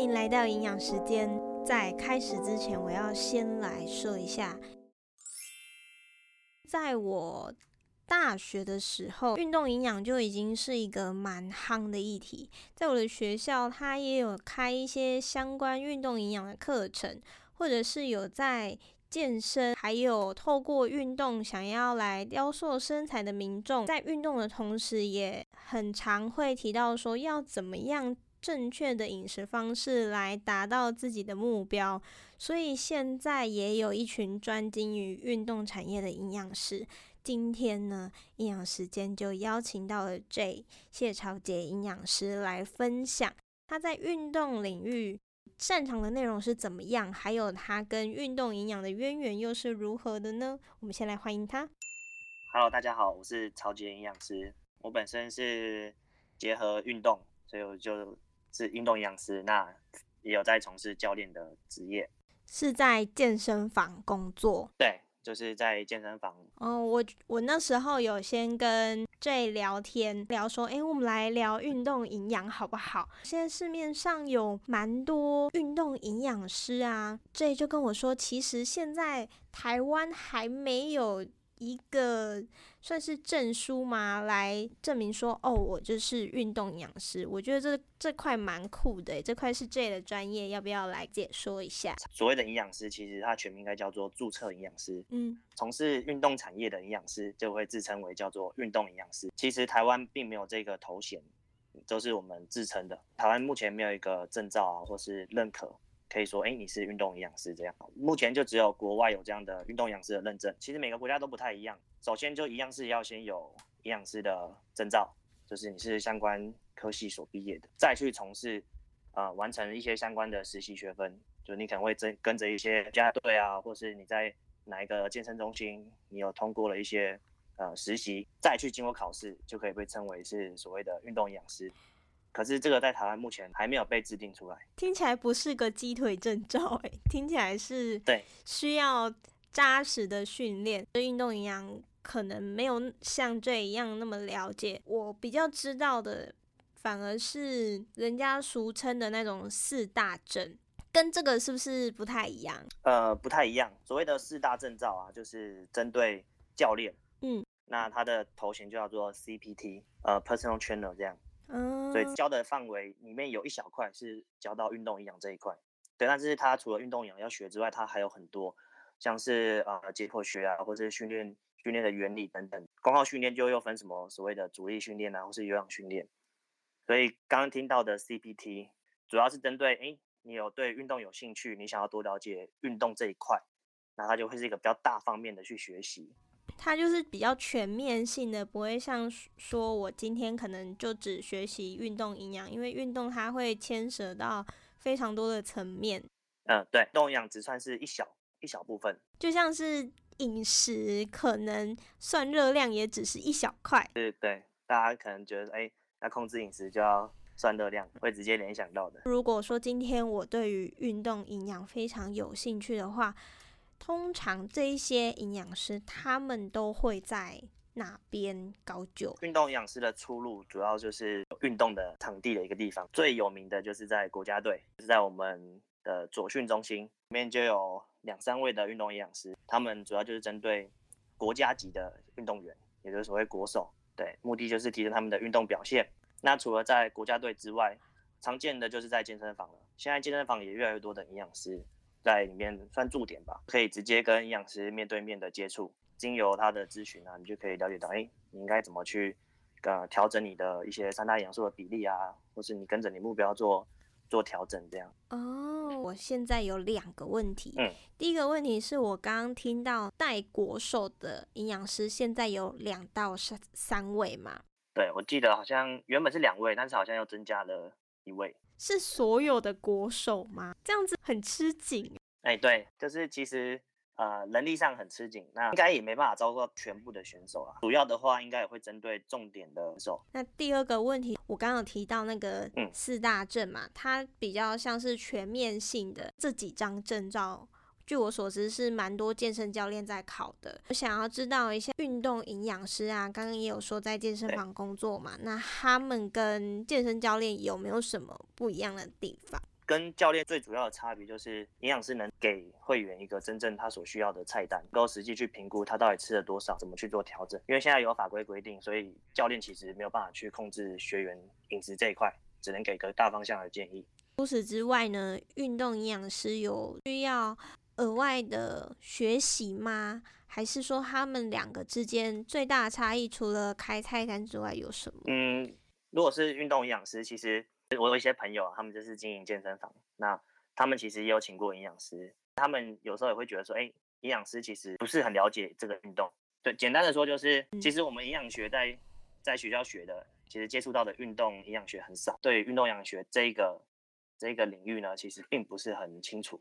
歡迎來到營養時間。在開始之前，我要先來說一下，在我大學的時候，運動營養就已經是一個蠻夯的議題。在我的學校，它也有開一些相關運動營養的課程，或者是有在健身，還有透過運動想要來雕塑身材的民眾，在運動的同時，也很常會提到說要怎麼樣，正確的飲食方式來達到自己的目標，所以現在也有一群專精於運動產業的營養師。今天呢，營養食間就邀請到了 Jay 謝朝傑營養師來分享他在運動領域擅長的內容是怎麼樣，還有他跟運動營養的淵源又是如何的呢？我們先來歡迎他。Hello，大家好，我是朝傑營養師。我本身是結合運動，所以我就。是運動營養師，那也有在從事教練的職業，是在健身房工作。對，就是在健身房。嗯、我我那時候有先跟 Jay 聊天，聊說，哎、欸，我們來聊運動營養好不好？現在市面上有蠻多運動營養師啊，Jay 就跟我說，其實現在台灣還沒有。一個算是證書嗎？來證明說哦，我就是運動營養師。我覺得這這塊蠻酷的，這塊是 Jay 的專業。要不要來解說一下？所謂的營養師，其實它全名應該叫做註冊營養師。嗯，從事運動產業的營養師就會自稱為叫做運動營養師。其實台灣並沒有這個頭銜，都是我們自稱的。台灣目前沒有一個證照啊，或是認可。可以說，哎，你是運動營養師這樣。目前就只有國外有這樣的運動營養師的認證，其實每個國家都不太一樣。首先就一樣是要先有營養師的證照，就是你是相關科系所畢業的，再去從事，呃，完成一些相關的實習學分，就你可能會跟跟着一些國家隊啊，或是你在哪一個健身中心，你有通過了一些呃實習，再去經過考試，就可以被稱為是所謂的運動營養師。可是這個在台灣目前還沒有被制定出來，聽起來不是個雞腿證照哎、欸，聽起來是，對，需要紮實的訓練。對運動營養可能沒有像這一樣那麼了解，我比較知道的反而是人家俗稱的那種四大證，跟這個是不是不太一樣？呃，不太一樣。所謂的四大證照啊，就是針對教練，嗯，那他的頭銜就叫做 CPT，呃，Personal Trainer 這樣。所以教的範圍裡面有一小塊是教到運動營養這一塊，對，但是他除了運動營養要學之外，他還有很多，像是啊、呃、解剖學啊，或者是訓練訓練的原理等等。功耗訓練就又分什麼所謂的阻力訓練啊，或是有氧訓練。所以剛剛聽到的 CPT 主要是針對，哎，你有對運動有興趣，你想要多了解運動這一塊，那它就會是一個比較大方面的去學習。它就是比較全面性的，不會像說，我今天可能就只學習運動營養，因為運動它會牽涉到非常多的層面。嗯，對，運動營養只算是一小一小部分，就像是飲食，可能算熱量也只是一小塊。對對，大家可能覺得，哎、欸，那控制飲食就要算熱量，會直接聯想到的。如果說今天我對於運動營養非常有興趣的話，通常這些營養師他們都會在哪邊高就？運動營養師的出路主要就是運動的場地的一個地方，最有名的就是在國家隊，就是在我們的左訓中心裡面就有兩三位的運動營養師，他們主要就是針對國家級的運動員，也就是所謂國手，對，目的就是提升他們的運動表現。那除了在國家隊之外，常見的就是在健身房了，現在健身房也越來越多的營養師。在裡面算駐點吧，可以直接跟營養師面對面的接觸，經由他的諮詢啊，你就可以了解到，哎、欸，你應該怎麼去，呃，調整你的一些三大營養素的比例啊，或是你跟着你目標做做調整這樣。哦，我現在有兩個問題，嗯，第一個問題是我剛剛聽到帶國手的營養師現在有兩到三三位嘛？對，我記得好像原本是兩位，但是好像又增加了一位。是所有的國手嗎？這樣子很吃緊、欸。哎、欸，對，就是其實呃，能力上很吃緊，那應該也沒辦法招到全部的選手啊。主要的話，應該也會針對重點的選手。那第二個問題，我剛剛有提到那個四大證嘛、嗯，它比較像是全面性的這幾張證照。據我所知，是蠻多健身教練在考的。我想要知道一下，運動營養師啊，剛剛也有說在健身房工作嘛，欸，那他們跟健身教練有沒有什麼不一樣的地方？跟教練最主要的差別就是，營養師能給會員一個真正他所需要的菜單，能夠實際去評估他到底吃了多少，怎麼去做調整。因為現在有法規規定，所以教練其實沒有辦法去控制學員飲食這一塊，只能給個大方向的建議。除此之外呢，運動營養師有需要。額外的學習嗎？還是說他們兩個之間最大的差異，除了開菜單之外，有什麼？嗯，如果是運動營養師，其實我有一些朋友啊，他們就是經營健身房，那他們其實也有請過營養師，他們有時候也會覺得說，哎、欸，營養師其實不是很了解這個運動。對，簡單的說就是，其實我們營養學在在學校學的，其實接觸到的運動營養學很少，對運動營養學這一個這個領域呢，其實並不是很清楚。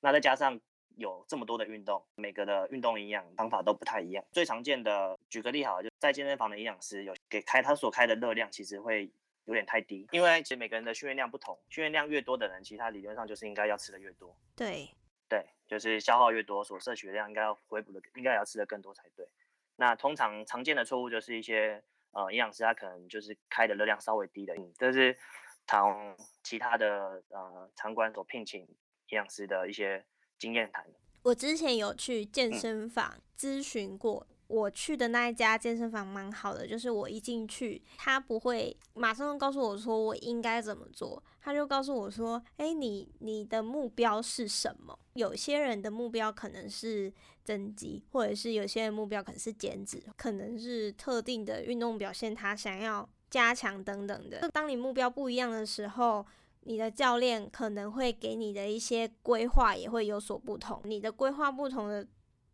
那再加上。有這麼多的運動，每個的運動營養方法都不太一樣。最常見的，舉個例好了，就在健身房的營養師有給開，他所開的熱量其實會有點太低，因為其實每個人的訓練量不同，訓練量越多的人，其實他理論上就是應該要吃的越多。對對，就是消耗越多，所攝取的量應該要回補的，應該也要吃的更多才對。那通常常見的錯誤就是一些呃營養師他可能就是開的熱量稍微低的，嗯，這、就是同其他的呃場館所聘請營養師的一些經驗談。我之前有去健身房諮詢過，嗯，我去的那一家健身房蠻好的，就是我一進去，他不會馬上告訴我說我應該怎麼做，他就告訴我說，哎，欸，你你的目標是什麼？有些人的目標可能是增肌，或者是有些人目標可能是減脂，可能是特定的運動表現他想要加強等等的。當你目標不一樣的時候，你的教練可能會給你的一些規劃也會有所不同，你的規劃不同的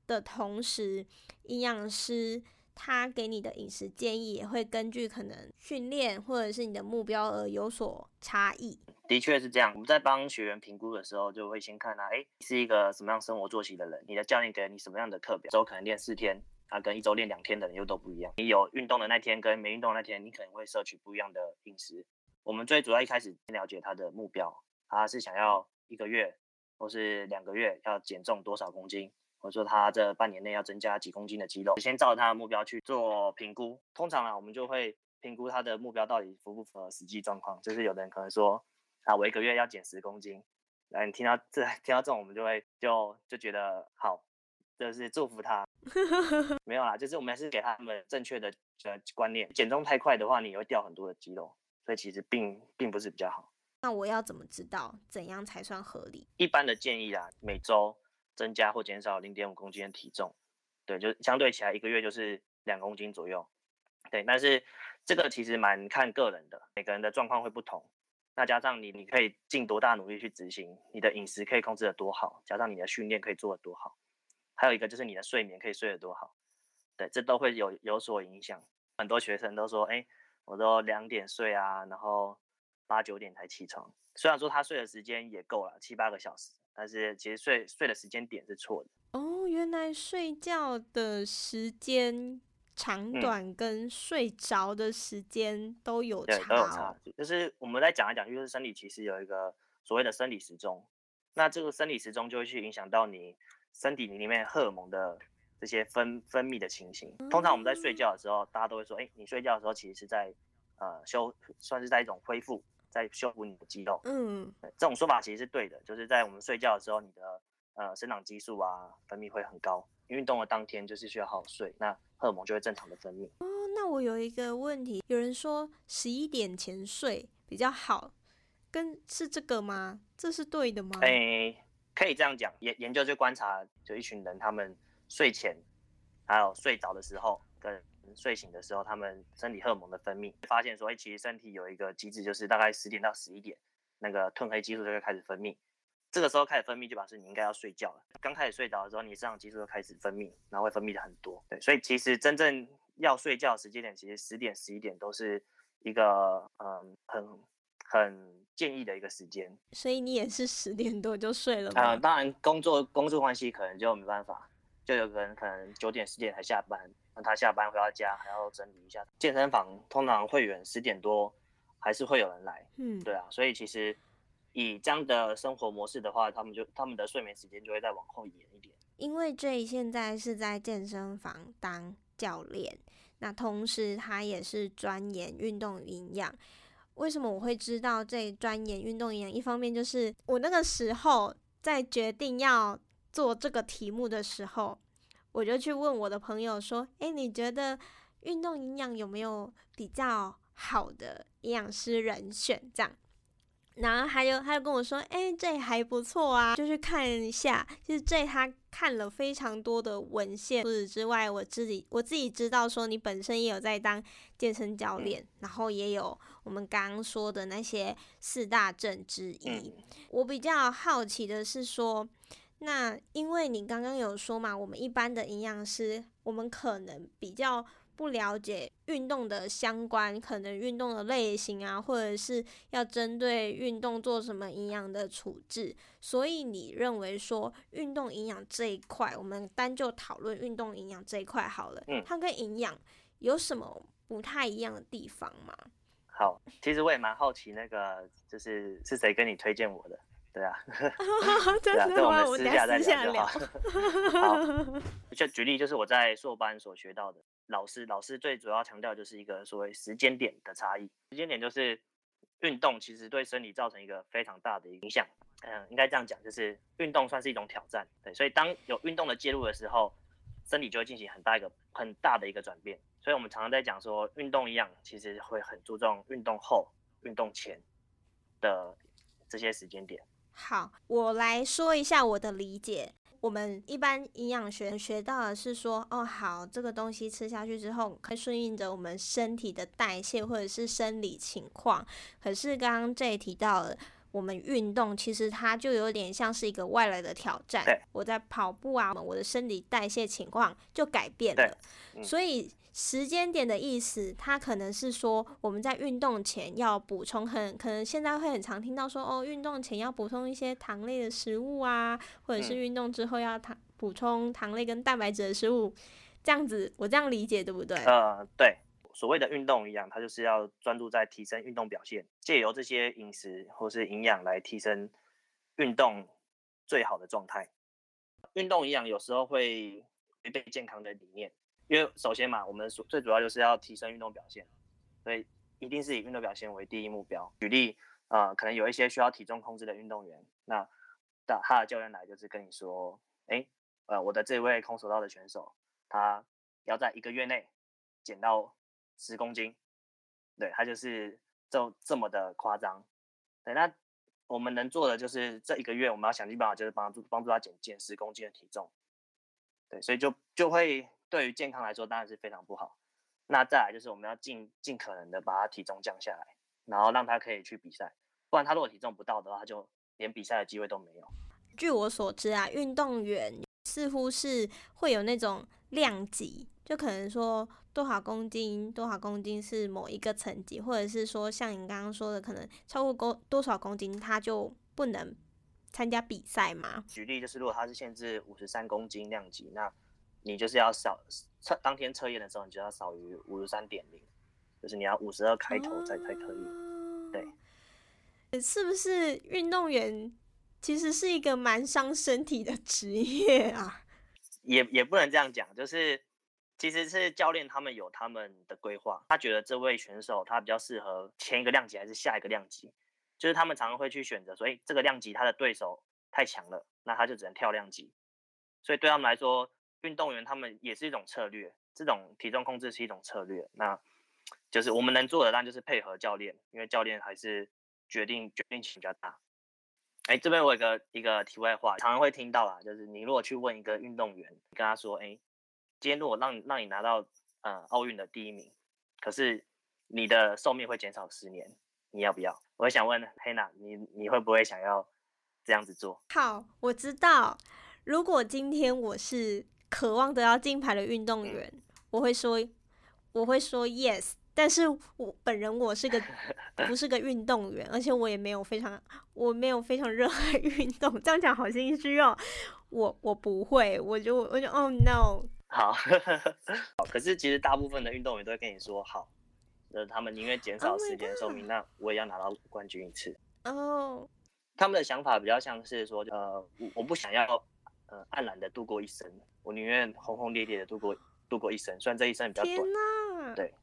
的同時，營養師他給你的飲食建議也會根據可能訓練或者是你的目標而有所差異。的確是這樣，我們在幫學員評估的時候，就會先看他、啊，誒、哎，你是一個什麼樣生活作息的人？你的教練給你什麼樣的課表？周可能練四天，啊，跟一周練兩天的人又都不一樣。你有運動的那天跟沒運動的那天，你可能會攝取不一樣的飲食。我們最主要一開始先了解他的目標，他是想要一個月或是兩個月要減重多少公斤，或者說他這半年內要增加幾公斤的肌肉。先照他的目標去做評估，通常啊，我們就會評估他的目標到底符不符合實際狀況。就是有的人可能說啊，我一個月要減十公斤，來，你聽到這聽到這種，我們就會就就覺得好，就是祝福他。沒有啦，就是我們還是給他們正確的呃觀念，減重太快的話，你會掉很多的肌肉。所以其實並並不是比較好。那我要怎麼知道怎樣才算合理？一般的建議啊，每周增加或減少零點五公斤的體重，對，就相對起來一個月就是兩公斤左右。對，但是這個其實蠻看個人的，每個人的狀況會不同。那加上你，你可以盡多大努力去執行，你的飲食可以控制得多好，加上你的訓練可以做得多好，還有一個就是你的睡眠可以睡得多好，對，這都會有有所影響。很多學生都說，哎、欸。我都兩點睡啊，然後八九點才起床。雖然說他睡的時間也夠了，七八個小時，但是其實睡睡的時間點是錯的。哦，原來睡覺的時間長短跟睡着的時間都有差。嗯、對，都有差。就是我們再講一講，就是身體其實有一個所謂的生理時鐘，那這個生理時鐘就會去影響到你身體裡裡面荷爾蒙的。這些分分泌的情形，通常我們在睡覺的時候，okay。大家都會說，哎、欸，你睡覺的時候其實是在，呃，修，算是在一種恢復，在修復你的肌肉。嗯，這種說法其實是對的，就是在我們睡覺的時候，你的呃生長激素啊分泌會很高。運動的當天就是需要好好睡，那荷爾蒙就會正常的分泌。哦、oh，那我有一個問題，有人說十一點前睡比較好，跟是這個嗎？這是對的嗎？誒、欸，可以這樣講，研研究就觀察，就一群人他們。睡前，還有睡着的時候，跟睡醒的時候，他們身體荷爾蒙的分泌，發現說，哎、欸，其實身體有一個機制，就是大概十點到十一點，那個褪黑激素就會開始分泌，這個時候開始分泌，就表示你應該要睡覺了。剛開始睡着的時候，你生長激素就開始分泌，然後會分泌的很多。對，所以其實真正要睡覺時間點，其實十點、十一點都是一個嗯很很建議的一個時間。所以你也是十點多就睡了嗎？啊、呃，當然工作工作關係，可能就沒辦法。就有可能可能九點十點才下班，那他下班回到家還要整理一下健身房。通常會員十點多還是會有人來，嗯，對啊，所以其實以這樣的生活模式的話，他們就他們的睡眠時間就會再往後延一點。因為 Jay 現在是在健身房當教練，那同時他也是鑽研運動營養。為什麼我會知道這鑽研運動營養？一方面就是我那個時候在決定要。做這個題目的時候，我就去問我的朋友說：“哎，你覺得運動營養有沒有比較好的營養師人選？”這樣，然後還有他就跟我說：“哎，這還不錯啊，就去看一下。”就是這他看了非常多的文獻。除此之外，我自己我自己知道說，你本身也有在當健身教練，嗯，然後也有我們剛剛說的那些四大症之一。嗯，我比較好奇的是說。那因為你剛剛有說嘛，我們一般的營養師，我們可能比較不了解運動的相關，可能運動的類型啊，或者是要針對運動做什麼營養的處置。所以你認為說運動營養這一塊，我們單就討論運動營養這一塊好了。嗯。它跟營養有什麼不太一樣的地方嗎？好，其實我也蠻好奇，那個就是是誰跟你推薦我的？對啊，這是，我們私下再聊。好，就 舉例就是我在碩班所學到的，老師老師最主要強調的就是一個所謂時間點的差異。時間點就是運動其實對身體造成一個非常大的影響。嗯，應該這樣講，就是運動算是一種挑戰。對，所以當有運動的介入的時候，身體就會進行很大一個很大的一個轉變。所以我們常常在講說運動營養，其實會很注重運動後、運動前的這些時間點。好，我來說一下我的理解。我們一般營養學學到的是說，哦，好，這個東西吃下去之後，會順應着我們身體的代謝或者是生理情況。可是剛剛這也提到了。我們運動其實它就有點像是一個外來的挑戰。對。我在跑步啊，我的生理代謝情況就改變了。對。嗯、所以時間點的意思，它可能是說我們在運動前要補充，很可能現在會很常聽到說哦，運動前要補充一些糖類的食物啊，或者是運動之後要糖、嗯、補充糖類跟蛋白質的食物，這樣子我這樣理解對不對？呃，對。所謂的運動營養，它就是要專注在提升運動表現，借由這些飲食或是營養來提升運動最好的狀態。運動營養有時候會違背健康的理念，因為首先嘛，我們最最主要就是要提升運動表現，所以一定是以運動表現為第一目標。舉例，啊、呃，可能有一些需要體重控制的運動員，那他的教練來就是跟你說，哎、欸，呃，我的這位空手道的選手，他要在一個月內減到。十公斤，對，他就是就這麼的誇張。對，那我們能做的就是這一個月我們要想盡辦法，就是幫助幫助他減減十公斤的體重。對，所以就就會對於健康來說當然是非常不好。那再來就是我們要盡盡可能的把他體重降下來，然後讓他可以去比賽，不然他如果體重不到的話，他就連比賽的機會都沒有。據我所知啊，運動員。似乎是會有那種量級，就可能說多少公斤、多少公斤是某一個層級，或者是說像你剛剛說的，可能超過公多少公斤他就不能參加比賽嘛。舉例就是，如果他是限制五十三公斤量級，那你就是要少測當天測驗的時候，你就要少於五十三點零，就是你要五十二開頭才才可以。哦。對，是不是運動員其實是一個蠻傷身體的職業啊，也也不能這樣講，就是其實是教練他們有他們的規劃，他覺得這位選手他比較適合前一個量級還是下一個量級，就是他們常常會去選擇，所、哎、以這個量級他的對手太強了，那他就只能跳量級，所以對他們來說，運動員他們也是一種策略，這種體重控制是一種策略，那就是我們能做的，當然就是配合教練，因為教練還是決定決定性比較大。哎，這邊我有個一個題外話，常常會聽到啊，就是你如果去問一個運動員，跟他說，哎，今天如果讓讓你拿到呃奧運的第一名，可是你的壽命會減少十年，你要不要？我會想問黑娜，你你會不會想要這樣子做？好，我知道，如果今天我是渴望得到金牌的運動員，嗯、我會說我會說 yes。但是我本人我是個不是個運動員， 而且我也沒有非常我沒有非常熱愛運動，這樣講好心虛哦。我我不會，我就我就哦、oh、no。好， 好，可是其實大部分的運動員都會跟你說好，那、呃、他們寧願減少時間壽命，那我也要拿到冠軍一次。哦、oh，他們的想法比較像是說，呃，我不想要呃黯然的度過一生，我寧願轟轟烈烈的度過度過一生，雖然這一生比較短，啊、對。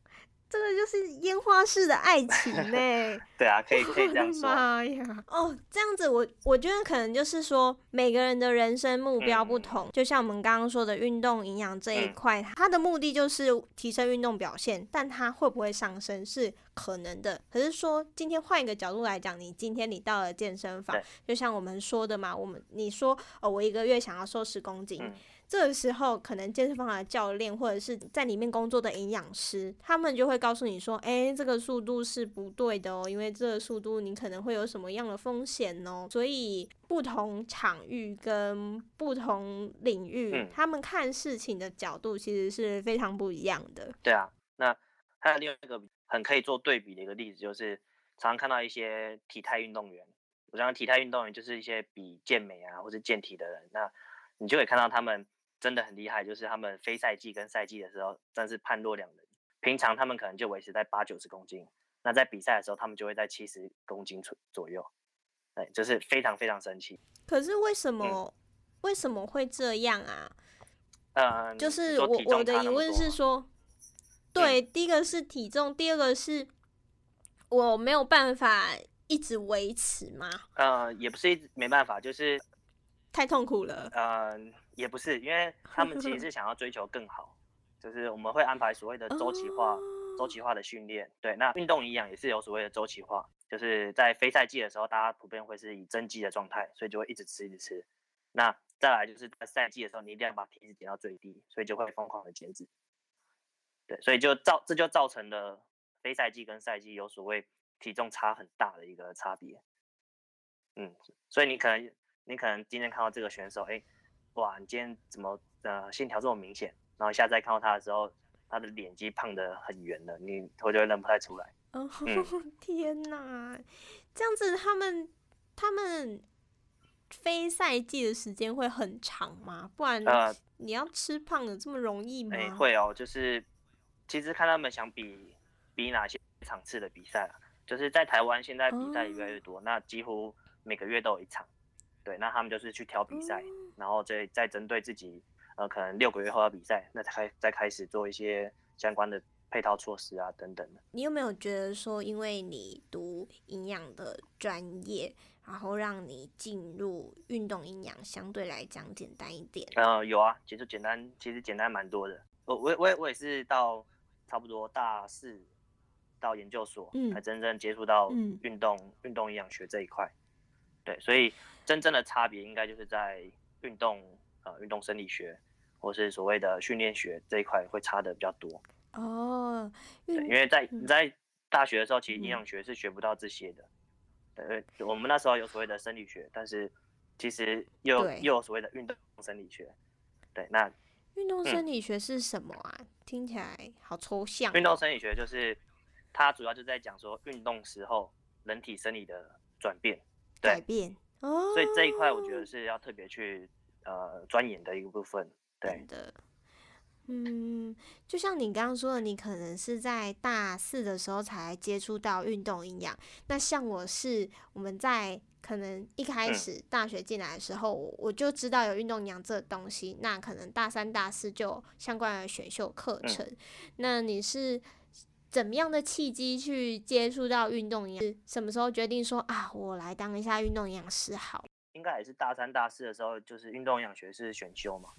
這個就是煙花式的愛情 對啊，可以，可以這樣說。我的媽呀！哦，這樣子我我覺得可能就是說每個人的人生目標不同，嗯，就像我們剛剛說的運動營養這一塊，嗯，它的目的就是提升運動表現，但它會不會上升是可能的。可是說今天換一個角度來講，你今天你到了健身房，就像我們說的嘛，我們你說哦，我一個月想要瘦十公斤。嗯這時候可能健身房的教練或者是在裡面工作的營養師，他們就會告訴你說：“哎，這個速度是不對的哦，因為這個速度你可能會有什麼樣的風險哦。”所以不同場域跟不同領域，他們看事情的角度其實是非常不一樣的。嗯，對啊，那還有另外一個很可以做對比的一個例子，就是常常看到一些體態運動員。我講體態運動員就是一些比健美啊或者健體的人，那你就會看到他們。真的很厲害，就是他們非賽季跟賽季的時候真是判若兩人。平常他們可能就維持在八九十公斤，那在比賽的時候他們就會在七十公斤左左右，對，就是非常非常神奇。可是為什麼、嗯、為什麼會這樣啊？嗯、呃，就是我、啊、我的疑問是說對，對，第一個是體重，第二個是我沒有辦法一直維持嗎？嗯、呃，也不是一直沒辦法，就是太痛苦了。嗯、呃。也不是，因為他們其實是想要追求更好， 就是我們會安排所謂的週期化、週期化的訓練。對，那運動營養也是有所謂的週期化，就是在非賽季的時候，大家普遍會是以增肌的狀態，所以就會一直吃一直吃。那再來就是在賽季的時候，你一定要把體脂減到最低，所以就會瘋狂的減脂。對，所以就造這就造成了非賽季跟賽季有所謂體重差很大的一個差別。嗯，所以你可能你可能今天看到這個選手，誒、欸。哇，你今天怎麼呃線條這麼明顯？然後一下再看到他的時候，他的臉肌胖得很圓的，你頭就會認不太出來。哦，嗯、天哪，這樣子他們他們非賽季的時間會很長嗎？不然你要吃胖的這麼容易嗎？哎、呃欸，會哦，就是其實看他們想比比哪些場次的比賽、啊、就是在台灣現在比賽越來越多、哦，那幾乎每個月都有一場，對，那他們就是去挑比賽。嗯然後再再針對自己，呃，可能六個月後要比賽，那才開再開始做一些相關的配套措施啊，等等的。你有沒有覺得說，因為你讀營養的專業，然後讓你進入運動營養相對來講簡單一點？呃、嗯，有啊，其實簡單，其實簡單蠻多的。我我我我也是到差不多大四到研究所，才真正接觸到運動、嗯、運動營養學這一塊。對，所以真正的差別應該就是在。運動啊，運動、呃、運動生理學，或是所謂的訓練學這一塊會差的比較多哦。對，因為在你在大學的時候，嗯、其實營養學是學不到這些的。對，我們那時候有所謂的生理學，但是其實又又有所謂的運動生理學。對，那運動生理學是什麼啊？嗯、聽起來好抽象哦。運動生理學就是它主要就在講說運動時候人體生理的轉變，對。改變。所以這一塊我覺得是要特別去、oh. 呃鑽研的一個部分，對的。嗯，就像你剛剛說的，你可能是在大四的時候才接觸到運動營養。那像我是我們在可能一開始大學進來的時候、嗯，我就知道有運動營養這個東西。那可能大三、大四就相關的選修課程、嗯。那你是？怎麼樣的契機去接觸到運動營養？是什麼時候決定說啊，我來當一下運動營養師好？應該也是大三大四的時候，就是運動營養學是選修嘛。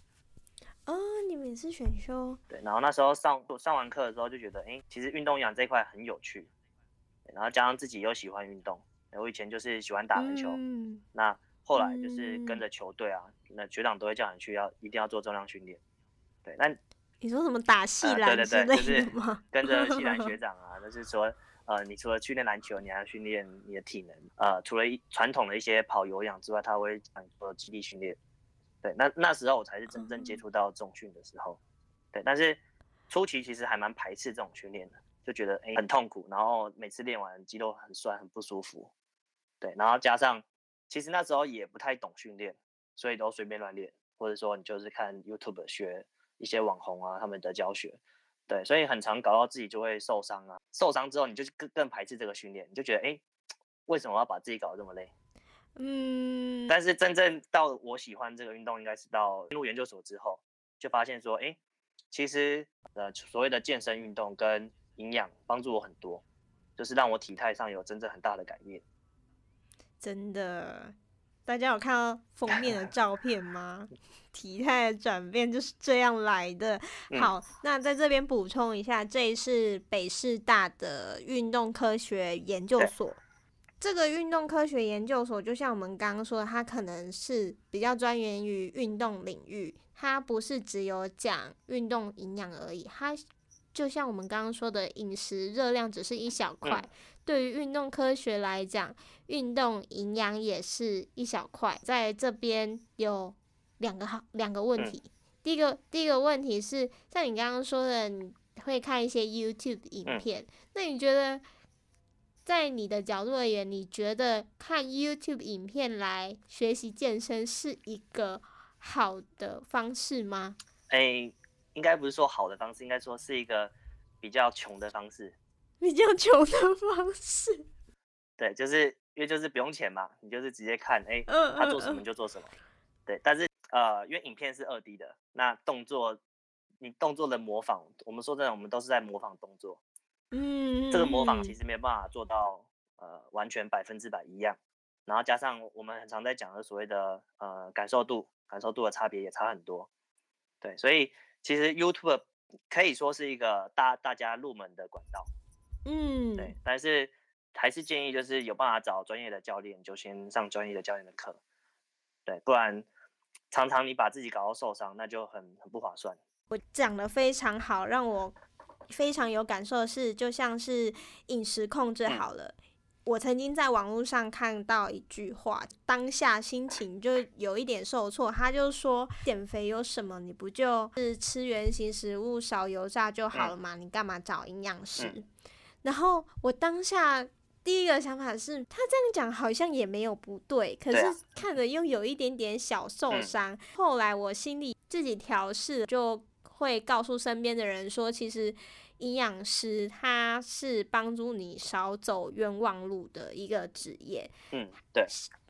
哦，你們也是選修。對，然後那時候上上完課的時候就覺得，哎、欸，其實運動營養這一塊很有趣對。然後加上自己又喜歡運動，我以前就是喜歡打籃球。嗯。那後來就是跟着球隊啊、嗯，那學長都會叫你去要一定要做重量訓練。對，那。你說什麼打啦、呃？籃，對對，對是就是跟着系籃學長啊，就是說， 呃，你除了訓練籃球，你還訓練你的體能，呃，除了一傳統的一些跑有氧之外，他會講說肌力訓練。對，那那時候我才是真正接觸到重訓的時候嗯嗯。對，但是初期其實還蠻排斥這種訓練的，就覺得哎很痛苦，然後每次練完肌肉很酸很不舒服。對，然後加上其實那時候也不太懂訓練，所以都隨便亂練，或者說你就是看 YouTube 學。一些網紅啊，他們的教學，對，所以很常搞到自己就會受傷啊，受傷之後你就更更排斥這個訓練，你就覺得哎、欸，為什麼要把自己搞得這麼累？嗯。但是真正到我喜歡這個運動，應該是到進入研究所之後，就發現說，哎、欸，其實呃所謂的健身運動跟營養幫助我很多，就是讓我體態上有真正很大的改變。真的。大家有看到封面的照片嗎？體態的轉變就是這樣來的。好，那在這邊補充一下，這是北市大的運動科學研究所。這個運動科學研究所，就像我們剛剛說的，它可能是比較專研於運動領域，它不是只有講運動營養而已。它就像我們剛剛說的，飲食熱量只是一小塊。嗯對於運動科學來講，運動營養也是一小塊，在這邊有兩個好，兩個問題。嗯、第一個第一個問題是，像你剛剛說的，你會看一些 YouTube 影片，嗯，那你覺得，在你的角度而言，你覺得看 YouTube 影片來學習健身是一個好的方式嗎？誒、哎，應該不是說好的方式，應該說是一個比較窮的方式。比較窮的方式，對，就是因為就是不用錢嘛，你就是直接看，哎、欸，他做什麼就做什麼，呃呃、對。但是呃，因為影片是二 D 的，那動作你動作的模仿，我們說真的，我們都是在模仿動作，嗯，這個模仿其實沒有辦法做到呃完全百分之百一樣。然後加上我們很常在講的所謂的呃感受度，感受度的差別也差很多，對。所以其實 YouTube 可以說是一個大大家入門的管道。嗯，對，但是還是建議就是有辦法找專業的教練，就先上專業的教練的課。對，不然常常你把自己搞到受傷，那就很很不划算。我講得非常好，讓我非常有感受的是，就像是飲食控制好了。嗯、我曾經在網絡上看到一句話，當下心情就有一點受挫，他就說：減肥有什麼？你不就是吃原型食物，少油炸就好了嘛、嗯？你幹嘛找營養師？嗯然後我當下第一個想法是，他這樣講好像也沒有不對，對啊，可是看着又有一點點小受傷，嗯。後來我心裡自己調試，就會告訴身邊的人說，其實營養師他是幫助你少走冤枉路的一個職業。嗯，對，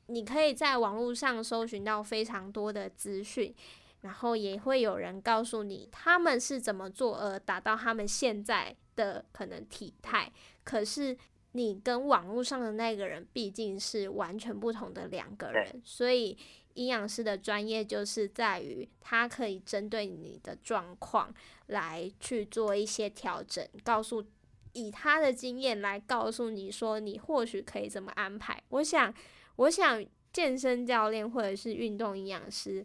你可以在網絡上搜尋到非常多的資訊。然後也會有人告訴你他們是怎麼做，而達到他們現在的可能體態。可是你跟網絡上的那個人畢竟是完全不同的兩個人，所以營養師的專業就是在於他可以針對你的狀況來去做一些調整，告訴以他的經驗來告訴你說你或許可以怎麼安排。我想，我想健身教練或者是運動營養師。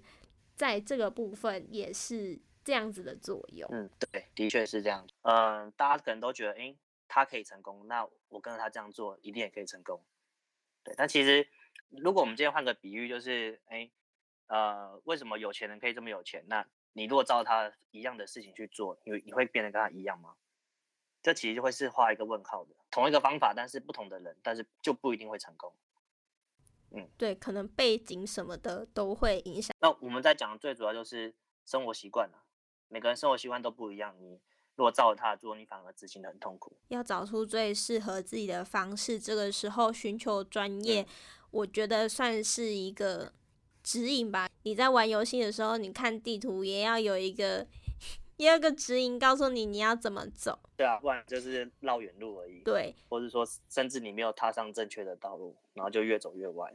在這個部分也是這樣子的作用。嗯，對，的確是這樣。嗯、呃，大家可能都覺得，誒、欸，他可以成功，那我跟着他這樣做一定也可以成功。對，但其實如果我們今天換個比喻，就是，誒、欸，呃，為什麼有錢人可以這麼有錢？那你如果照他一樣的事情去做，你你會變得跟他一樣嗎？這其實就會是畫一個問號的。同一個方法，但是不同的人，但是就不一定會成功。嗯，對，可能背景什麼的都會影響。那我們在講的最主要就是生活習慣了，啊，每個人生活習慣都不一樣。你如果照他做，你反而執行的很痛苦。要找出最適合自己的方式，這個時候尋求專業、嗯，我覺得算是一個指引吧。你在玩遊戲的時候，你看地圖也要有一個。第二個指引，告訴你，你要怎麼走。對啊，不然就是繞遠路而已。對，或者說甚至你沒有踏上正確的道路，然後就越走越歪。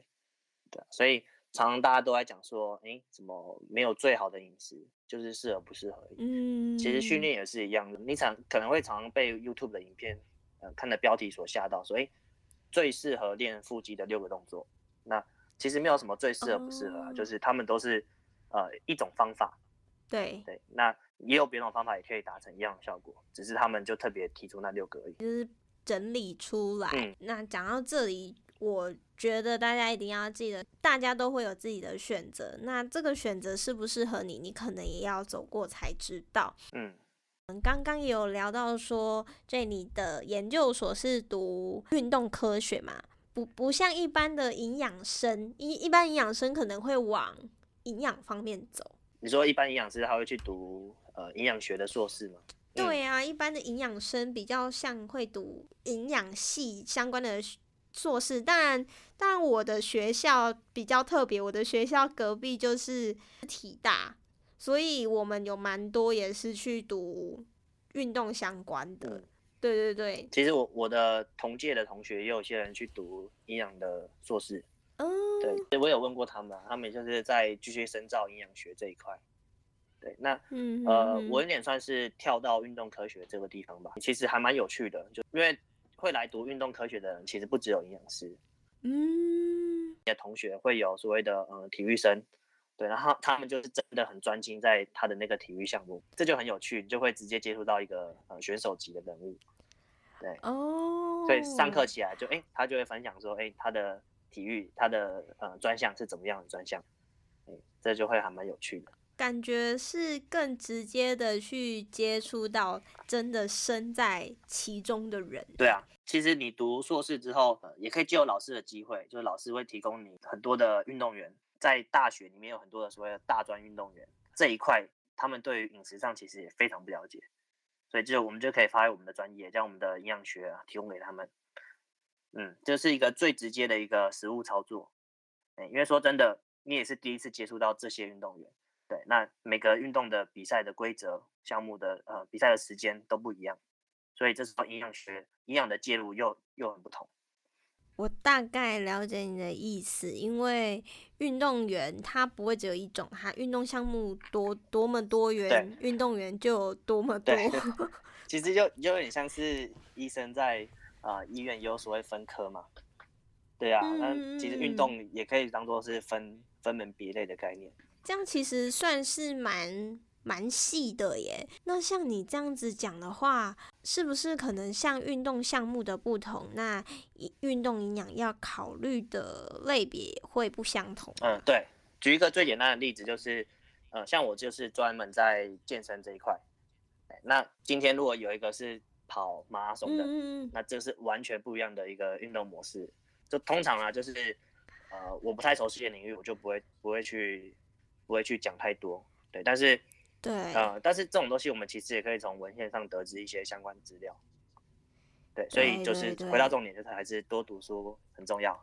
對啊，所以常常大家都在講說，哎，怎麼沒有最好的飲食，就是適合不適合而已。嗯，其實訓練也是一樣，你常可能會常常被 YouTube 的影片呃看的標題所嚇到，所以最適合練腹肌的六個動作，那其實沒有什麼最適合不適合啊，oh，就是他們都是呃一種方法。對對，那也有別的方法，也可以達成一樣的效果，只是他們就特別提出那六個而已就是整理出來，嗯。那講到這裡，我覺得大家一定要記得，大家都會有自己的選擇，那這個選擇適不適合你，你可能也要走過才知道。嗯，剛剛也有聊到說，這你的研究所是讀運動科學嘛，不不像一般的營養生，一一般營養生可能會往營養方面走。你說一般營養師他會去讀呃營養學的碩士嗎？對啊、嗯，一般的營養師比較像會讀營養系相關的碩士，但但我的學校比較特別，我的學校隔壁就是體大，所以我們有蠻多也是去讀運動相關的。嗯、對對對，其實我我的同屆的同學也有些人去讀營養的碩士。Uh, 對，我有問過他們、啊，他們就是在繼續深造營養學這一塊。對，那、Mm-hmm. 呃，我有點算是跳到運動科學這個地方吧，其實還蠻有趣的，就因為會來讀運動科學的人，其實不只有營養師，嗯，也同學會有所謂的嗯，體育生，對，然後他們就是真的很專精在他的那個體育項目，這就很有趣，你就會直接接觸到一個呃、嗯、選手級的人物，對，哦、Oh.，所以上課起來就哎、欸，他就會分享說，哎、欸，他的。體育它的呃專項是怎麼樣的專項、嗯？這就會還蠻有趣的，感覺是更直接的去接觸到真的身在其中的人。對啊，其實你讀碩士之後，呃、也可以借由老師的機會，就是老師會提供你很多的運動員，在大學裡面有很多的所謂的大專運動員這一塊，他們對於飲食上其實也非常不了解，所以就我們就可以發揮我們的專業，將我們的營養學、啊、提供給他們。嗯，這、就是一個最直接的一個實物操作，因為說真的，你也是第一次接觸到這些運動員，對，那每個運動的比賽的規則、項目的呃比賽的時間都不一樣，所以這時候營養師營養的介入又又很不同。我大概了解你的意思，因為運動員他不會只有一種，他運動項目多，多麼多元，運動員就有多麼多。對，其實就，就有點像是醫生在。啊，醫院有所謂分科嘛，對啊，嗯、那其實運動也可以當做是分分門別類的概念。這樣其實算是蠻蠻細的耶。那像你這樣子講的話，是不是可能像運動項目的不同，那運動營養要考慮的類別會不相同？嗯，對。舉一個最簡單的例子，就是呃、嗯，像我就是專門在健身這一塊。那今天如果有一個是。跑馬拉松的、嗯，那這是完全不一樣的一個運動模式。就通常啊，就是呃，我不太熟悉這領域，我就不會不會去不會去講太多。對，但是對，呃，但是這種東西我們其實也可以從文獻上得知一些相關資料對對，所以就是回到重點，就是還是多讀書很重要。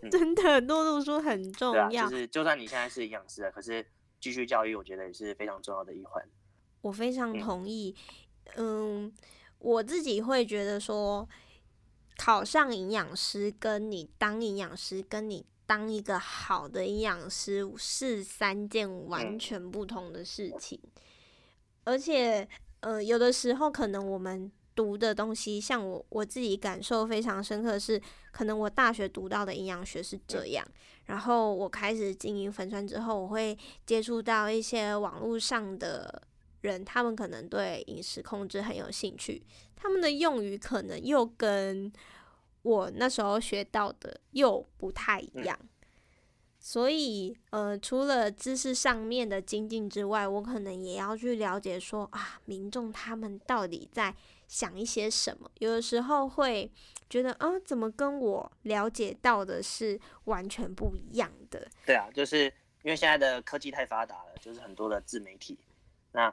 對對對，嗯、 真的，多讀書很重要。對啊，就是就算你現在是營養師啊，可是繼續教育我覺得也是非常重要的一環。我非常同意。嗯。嗯我自己會覺得說，考上營養師跟你當營養師，跟你當一個好的營養師是三件完全不同的事情。而且，呃，有的時候可能我們讀的東西，像我我自己感受非常深刻的是，可能我大學讀到的營養學是這樣，嗯、然後我開始經營粉專之後，我會接觸到一些網絡上的。人他們可能對飲食控制很有興趣，他們的用語可能又跟我那時候學到的又不太一樣，嗯。所以呃，除了知識上面的精進之外，我可能也要去了解說啊，民眾他們到底在想一些什麼？有的時候會覺得啊，怎麼跟我了解到的是完全不一樣的？對啊，就是因為現在的科技太發達了，就是很多的自媒體，那。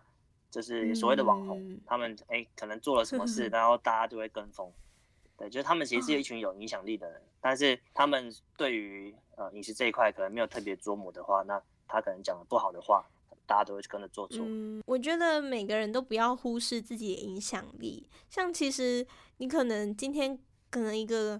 就是所謂的網紅，嗯、他們哎、欸，可能做了什麼事，呵呵然後大家就會跟風。對，就是他們其實是一群有影響力的人，嗯、但是他們對於呃飲食這一塊可能沒有特別琢磨的話，那他可能講的不好的話，大家都會跟着做錯。嗯，我覺得每個人都不要忽視自己的影響力。像其實你可能今天可能一個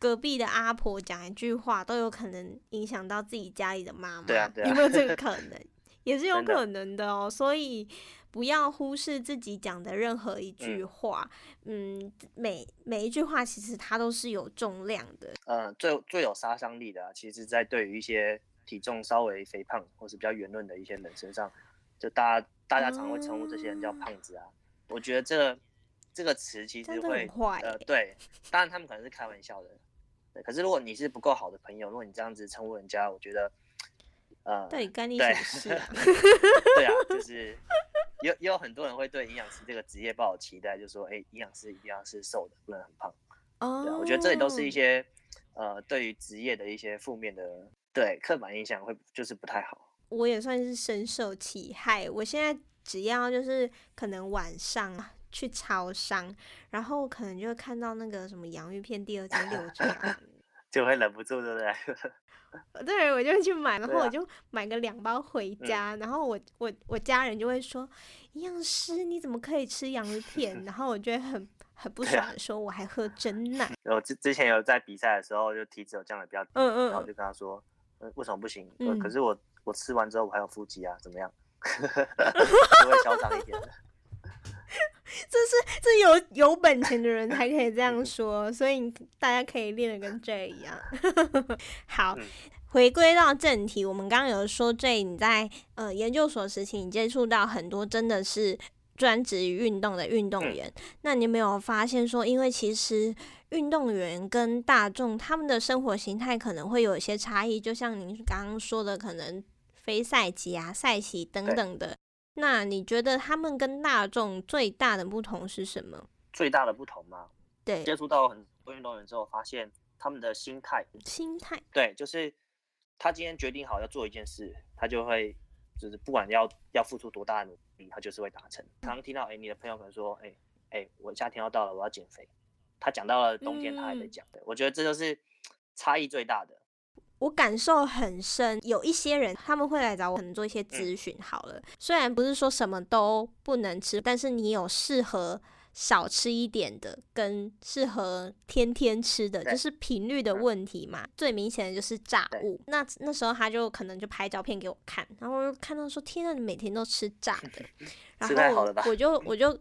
隔壁的阿婆講一句話，都有可能影響到自己家裡的媽媽。對啊，對啊，有沒有這個可能？ 也是有可能的哦。所以。不要忽視自己講的任何一句話，嗯，嗯每每一句話其實它都是有重量的。呃、嗯，最最有殺傷力的、啊，其實，在對於一些體重稍微肥胖或是比較圓潤的一些人身上，就大家大家常，常會稱呼這些人叫“胖子啊”啊、嗯。我覺得這個這個詞其實會很壞、欸、呃，對，當然他們可能是開玩笑的，可是如果你是不夠好的朋友，如果你這樣子稱呼人家，我覺得，呃、嗯啊，對，幹你解釋。對啊，就是。 有也有很多人會對營養師這個職業抱有期待，就說，哎、欸，營養師一定要是瘦的，不能很胖。哦、oh.，我覺得這裡都是一些，呃、對於職業的一些負面的，對，刻板印象會就是不太好。我也算是深受其害，我現在只要就是可能晚上去超商，然後可能就會看到那個什麼洋芋片第二天六折 就會忍不住，對不對？ 對，我就去買，然後我就買個兩包回家，啊嗯、然後我我我家人就會說，營養師你怎麼可以吃羊乳片？ 然後我覺得很很不爽說，說、啊、我還喝珍奶。然後之之前有在比賽的時候就體脂有降的比較、低、嗯嗯，然後就跟他說，呃、為什麼不行？嗯、可是我我吃完之後我還有腹肌啊，怎麼樣？ 就會囂張一點。 這是這有有本錢的人才可以這樣說，所以大家可以練的跟 Jay 一樣。 好，回歸到正題，我們剛剛有說 Jay 你在呃研究所時期，你接觸到很多真的是專職於運動的運動員。那你有沒有發現說，因為其實運動員跟大眾他們的生活形態可能會有一些差異？就像您剛剛說的，可能非賽季啊、賽季等等的。那你覺得他們跟大眾最大的不同是什麼？最大的不同嗎？對，接觸到很多運動員之後，發現他們的心態，心態，對，就是他今天決定好要做一件事，他就會，就是不管要要付出多大的努力，他就是會達成。常、嗯、剛聽到，誒、欸，你的朋友可能說，誒、欸、誒、欸，我夏天要到了，我要減肥。他講到了冬天，他還在講的、嗯。我覺得這就是差異最大的。我感受很深，有一些人他們會來找我，可能做一些諮詢。好了、嗯，雖然不是說什麼都不能吃，但是你有適合少吃一點的，跟適合天天吃的，就是頻率的問題嘛、嗯。最明顯的就是炸物。那那時候他就可能就拍照片給我看，然後看到說：“天啊，你每天都吃炸的。 ”然後我就我就。我就嗯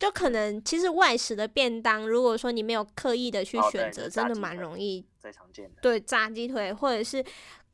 就可能、嗯，其實外食的便當，如果說你沒有刻意的去選擇、哦，真的蠻容易。對，炸雞腿，或者是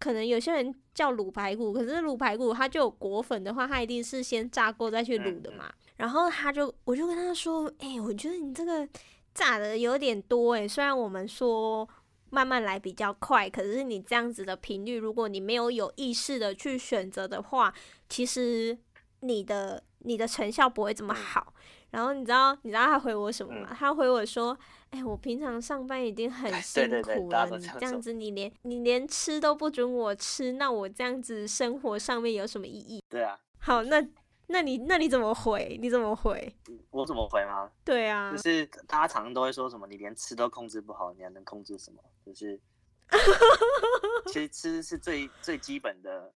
可能有些人叫滷排骨，可是滷排骨它就有裹粉的話，它一定是先炸過再去滷的嘛，嗯嗯。然後他就，我就跟他說：“哎、欸，我覺得你這個炸得有點多哎。雖然我們說慢慢來比較快，可是你這樣子的頻率，如果你沒有有意識的去選擇的話，其實你的你的成效不會這麼好。嗯”然後你知道你知道他回我什麼嗎？嗯、他回我說：“哎、欸，我平常上班已經很辛苦了，對對對這你這樣子，你連你連吃都不准我吃，那我這樣子生活上面有什麼意義？”對啊。好，那那你那你怎麼回？你怎麼回？我怎麼回嗎？對啊。就是大家常常都會說什麼：“你連吃都控制不好，你還能控制什麼？”就是， 其實吃是最最基本的，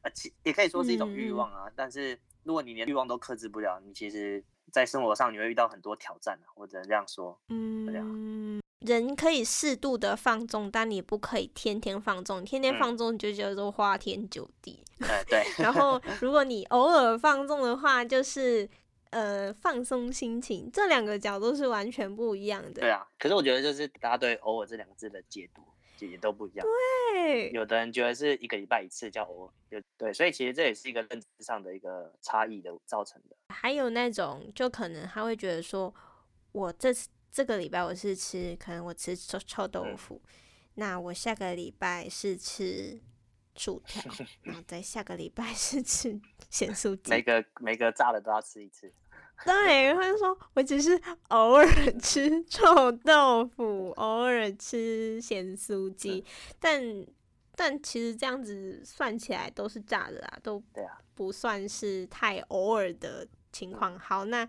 而、啊、且也可以說是一種慾望啊、嗯。但是如果你連慾望都克制不了，你其實。在生活上，你會遇到很多挑戰、啊，我只能這樣說。啊、嗯，人可以適度的放縱，但你不可以天天放縱。天天放縱你就覺得說，花天酒地。對、嗯、對。 然後，如果你偶爾放縱的話，就是呃放鬆心情，這兩個角度是完全不一樣的。對啊，可是我覺得就是大家對“偶爾”這兩個字的解讀也都不一樣，對，有的人覺得是一個禮拜一次叫偶爾，就，對，所以其實這也是一個認知上的一個差異的造成的。還有那種，就可能他會覺得說，我這這個禮拜我是吃，可能我吃臭臭豆腐、嗯，那我下個禮拜是吃薯條， 然後再下個禮拜是吃鹹酥雞，每個每個炸的都要吃一次。對，他就說：“我只是偶爾吃臭豆腐，偶爾吃鹹酥雞，嗯，但但其實這樣子算起來都是炸的啦，都不算是太偶爾的情況。”啊，好，那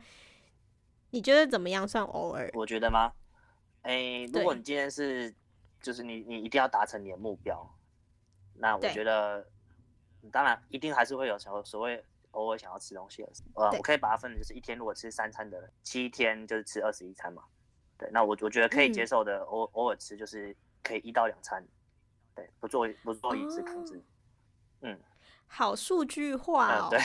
你覺得怎麼樣算偶爾？我覺得嗎？誒，欸，如果你今天是，就是你你一定要達成你的目標，那我覺得，當然一定還是會有所所謂。偶爾想要吃東西了，呃，我可以把它分成就是一天如果吃三餐的，七天就是吃二十一餐嘛。對，那我我覺得可以接受的，嗯、偶偶爾吃就是可以一到兩餐，對，不做不做飲食控制，哦。嗯，好句話，哦，數據化對，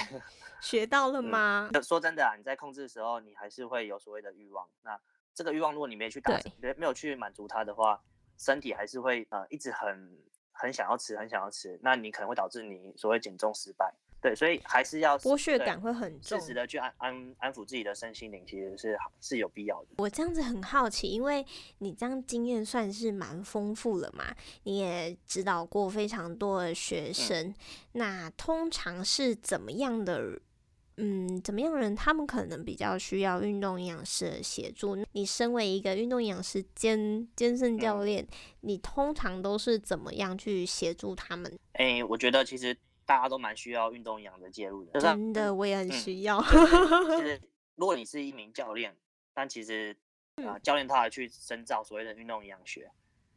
學到了嗎？嗯、說真的啊，你在控制的時候，你還是會有所謂的慾望。那這個慾望如果你沒去達成，沒沒有去滿足它的話，身體還是會呃一直很很想要吃，很想要吃。那你可能會導致你所謂減重失敗。對，所以還是要剝削感會很重，適時的去安安安撫自己的身心靈，其實是是有必要的。我這樣子很好奇，因為你這樣經驗算是蠻豐富了嘛，你也指導過非常多的學生。嗯、那通常是怎麼樣的，嗯，怎麼樣的人，他們可能比較需要運動營養師的協助。你身為一個運動營養師兼健身教練、嗯，你通常都是怎麼樣去協助他們？哎、欸，我覺得其實。大家都蠻需要運動營養的介入的，真的、嗯、我也很需要、嗯。就是如果你是一名教練， 但其實啊、呃，教練他還去深造所謂的運動營養學，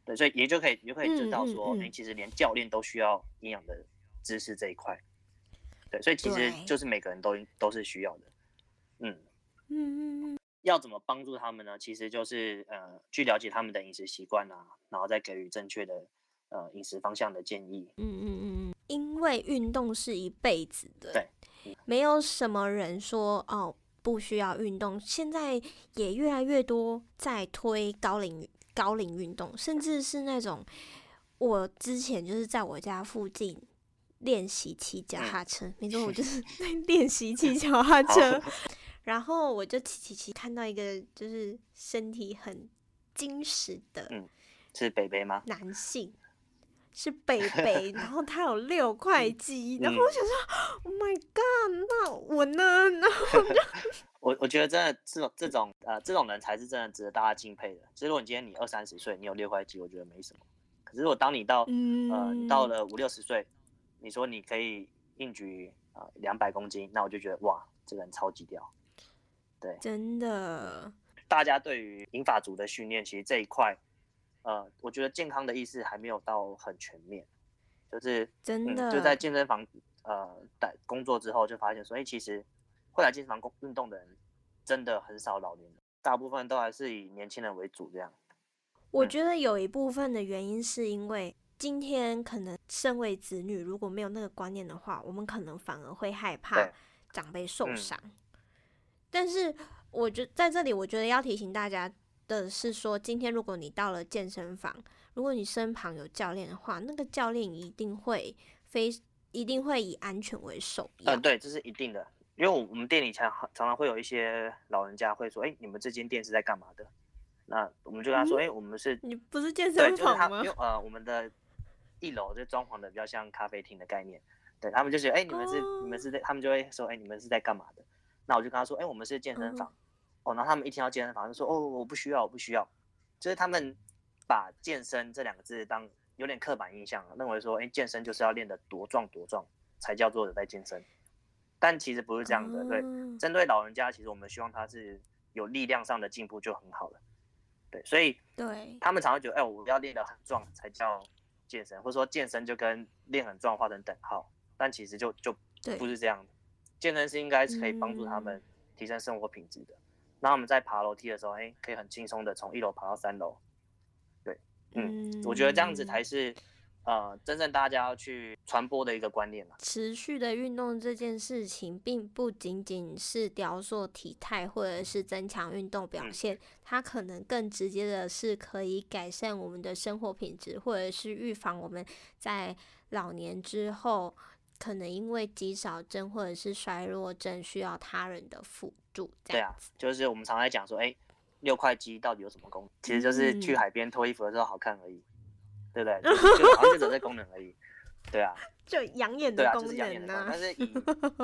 對，所以也就可以，你就可以知道說，你其實連教練都需要營養的知識這一塊、嗯嗯嗯。對，所以其實就是每個人都都是需要的。嗯嗯嗯，要怎麼幫助他們呢？其實就是呃，去了解他們的飲食習慣啊，然後再給予正確的。呃，飲食方向的建議。嗯嗯嗯嗯，因為運動是一輩子的。對，沒有什麼人說哦，不需要運動。現在也越來越多在推高齡高齡運動，甚至是那種我之前就是在我家附近練習騎腳踏車，嗯、沒錯，我就是練習騎腳踏車。 然後我就騎騎騎，看到一個就是身體很精實的，嗯，是北北嗎？男性。是北北， 然後他有六塊肌，嗯，然後我想說、嗯、Oh my God，那我呢？然 後我就，我覺得真的這種這種呃這種人才是真的值得大家敬佩的。其、就、實、是、如果你今天你二三十歲，你有六塊肌，我覺得沒什麼。可是如果當你到嗯、呃、你到了五六十歲，你說你可以硬舉啊、呃、兩百公斤，那我就覺得哇，這個人超級屌。對，真的。大家對於銀髮族的訓練，其實這一塊。呃，我覺得健康的意識還沒有到很全面，就是真的、嗯、就在健身房呃，在工作之後就發現，所、欸、以其實，會來健身房工運動的人真的很少，老年人大部分都還是以年輕人為主。這樣，我覺得有一部分的原因是因為、嗯、今天可能身為子女，如果沒有那個觀念的話，我們可能反而會害怕長輩受傷。嗯、但是，我覺在這裡，我覺得要提醒大家。的是說，今天如果你到了健身房，如果你身旁有教練的話，那個教練一定會非一定會以安全為首。嗯、呃，對，這是一定的，因為，我們店裡常常常會有一些老人家會說，哎、欸，你們這間店是在幹嘛的？那我們就跟他說，哎、嗯欸，我們是你不是健身房嗎？對，就是他，因為呃，我們的一樓就裝潢的比較像咖啡廳的概念，對他們就覺得，哎、欸，你們是、嗯、你們是在，他們就會說，哎、欸，你們是在幹嘛的？那我就跟他說，哎、欸，我們是健身房。嗯哦，那他們一聽到健身房就說：“哦，我不需要，我不需要。”就是他們把“健身”這兩個字當有點刻板印象，認為說：“哎，健身就是要練得多壯多壯，才叫做在健身。”但其實不是這樣的。嗯。對，針對老人家，其實我們希望他是有力量上的進步就很好了。對，所以對他們常常覺得：“哎，我要練得很壯才叫健身，或者說健身就跟練很壯畫成等號。”但其實就就不是這樣的。健身是應該可以幫助他們提升生活品質的。嗯當我們在爬樓梯的時候，哎，可以很輕鬆的從一樓爬到三樓。對，嗯，嗯，我覺得這樣子才是，呃，真正大家要去傳播的一個觀念啊。持續的運動這件事情，並不僅僅是雕塑體態或者是增強運動表現，嗯，它可能更直接的是可以改善我們的生活品質，或者是預防我們在老年之後可能因為肌少症或者是衰弱症需要他人的撫。對啊，就是我們常在講說，哎、欸，六塊肌到底有什麼功、嗯？其實就是去海邊脫衣服的時候好看而已，嗯、對不對,對？就只有這功能而已。 對啊，就養眼的功能,、啊啊就是、養眼的功能但是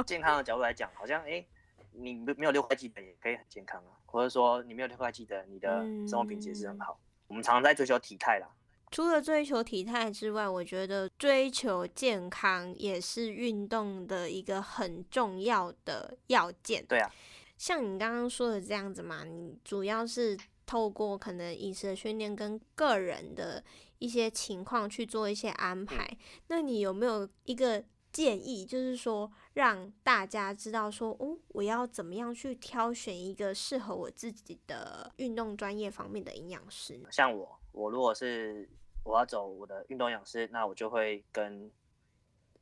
以健康的角度來講， 好像哎、欸，你沒沒有六塊肌的也可以很健康啊，或者說你沒有六塊肌的，你的生活品質也是很好、嗯。我們常常在追求體態啦。除了追求體態之外，我覺得追求健康也是運動的一個很重要的要件。對啊。像你剛剛說的這樣子嘛，你主要是透過可能飲食的訓練跟個人的一些情況去做一些安排。那你有沒有一個建議，就是說讓大家知道說，哦，我要怎麼樣去挑選一個適合我自己的運動專業方面的營養師？像我，我如果是我要走我的運動營養師，那我就會跟，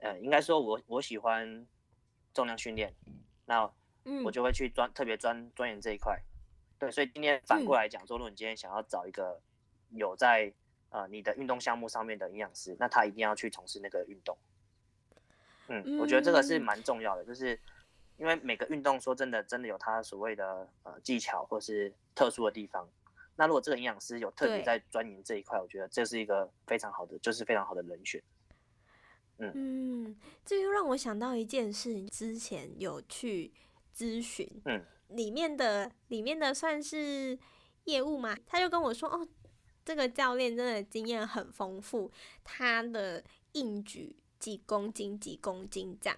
呃，應該說我我喜歡重量訓練，那。嗯，我就會去專特別專鑽研這一塊，對，所以今天反過來講，說如果你今天想要找一個有在、呃、你的運動項目上面的營養師，那他一定要去從事那個運動。嗯，我覺得這個是蠻重要的、嗯，就是因為每個運動說真的真的有他所謂的呃技巧或是特殊的地方，那如果這個營養師有特別在鑽研這一塊，我覺得這是一個非常好的就是非常好的人選。嗯嗯，這個、又讓我想到一件事，之前有去。諮詢，嗯，裡面的裡面的算是業務嘛？他就跟我說，哦，這個教練真的經驗很豐富，他的硬舉幾公斤、幾公斤這樣。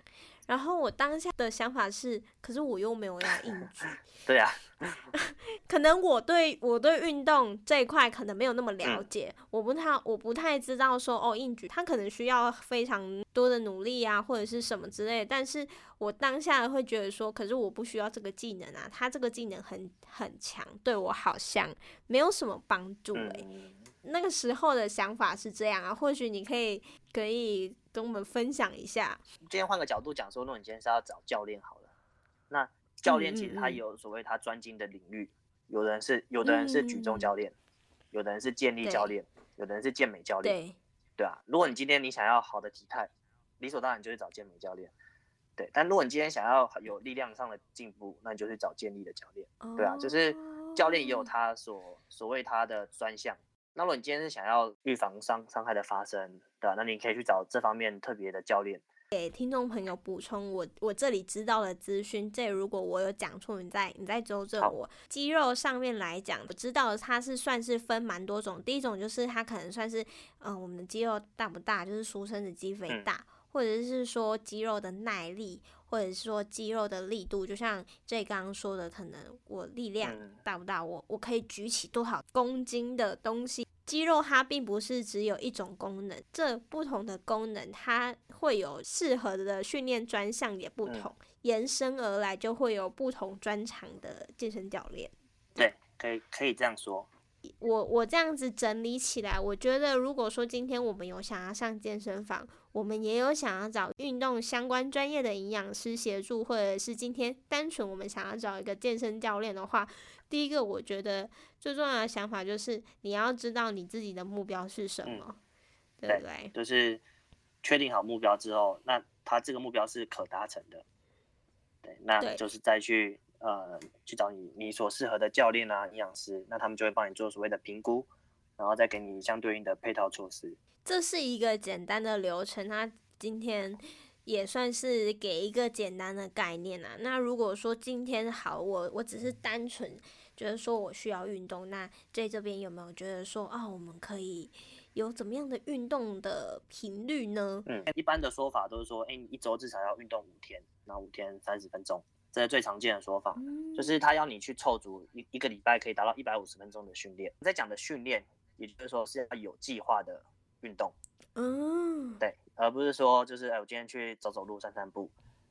然後我當下的想法是，可是我又沒有要硬舉。 對啊， 可能我對我對運動這一塊可能沒有那麼了解，嗯、我不太我不太知道說哦，硬舉，他可能需要非常多的努力啊，或者是什麼之類的。但是我當下的會覺得說，可是我不需要這個技能啊，他這個技能很很強，對我好像沒有什麼幫助誒、欸。嗯那個時候的想法是這樣啊，或許你可以可以跟我們分享一下。今天換個角度講說，如果你今天是要找教練好了，那教練其實他有所謂他專精的領域，嗯、有的人是有的人是舉重教練，嗯，有的人是健力教練，有的人是健美教練，對對啊。如果你今天你想要好的體態，理所當然就是找健美教練，對。但如果你今天想要有力量上的進步，那你就去找健力的教練，對啊，哦、就是教練也有他所所謂他的專項。那如果你今天是想要預防傷傷害的發生，對吧、啊？那你可以去找這方面特別的教練。給聽眾朋友補充我，我我這裡知道的資訊，這如果我有講錯，你再你再糾正我。肌肉上面來講，我知道它是算是分蠻多種，第一種就是它可能算是，嗯、呃，我們的肌肉大不大，就是俗稱的肌肥大、嗯，或者是說肌肉的耐力。或者說肌肉的力度，就像 Jay 剛剛說的，可能我力量大不大，嗯、我我可以舉起多少公斤的東西。肌肉它並不是只有一種功能，這不同的功能它會有適合的訓練專項也不同，嗯、延伸而來就會有不同專長的健身教練。對，可以可以這樣說。我我這樣子整理起來，我覺得如果說今天我們有想要上健身房，我們也有想要找運動相關專業的營養師協助，或者是今天單純我們想要找一個健身教練的話，第一個我覺得最重要的想法就是你要知道你自己的目標是什麼，嗯，對不對？對，就是確定好目標之後，那他這個目標是可達成的，對，那，對，就是再去。呃，去找你你所適合的教練啊，營養師，那他們就會幫你做所謂的評估，然後再給你相對應的配套措施。這是一個簡單的流程，那今天也算是給一個簡單的概念啊。那如果說今天好，我我只是單純覺得說我需要運動，那在這邊有沒有覺得說啊，我們可以有怎麼樣的運動的頻率呢？嗯，一般的說法都是說，哎、欸，你一周至少要運動五天，那五天三十分鐘。這是最常見的說法，就是他要你去湊足一一個禮拜可以達到一百五十分鐘的訓練。我在講的訓練，也就是說是要有計劃的運動。嗯、oh.，對，而不是說就是哎，我今天去走走路、散散步，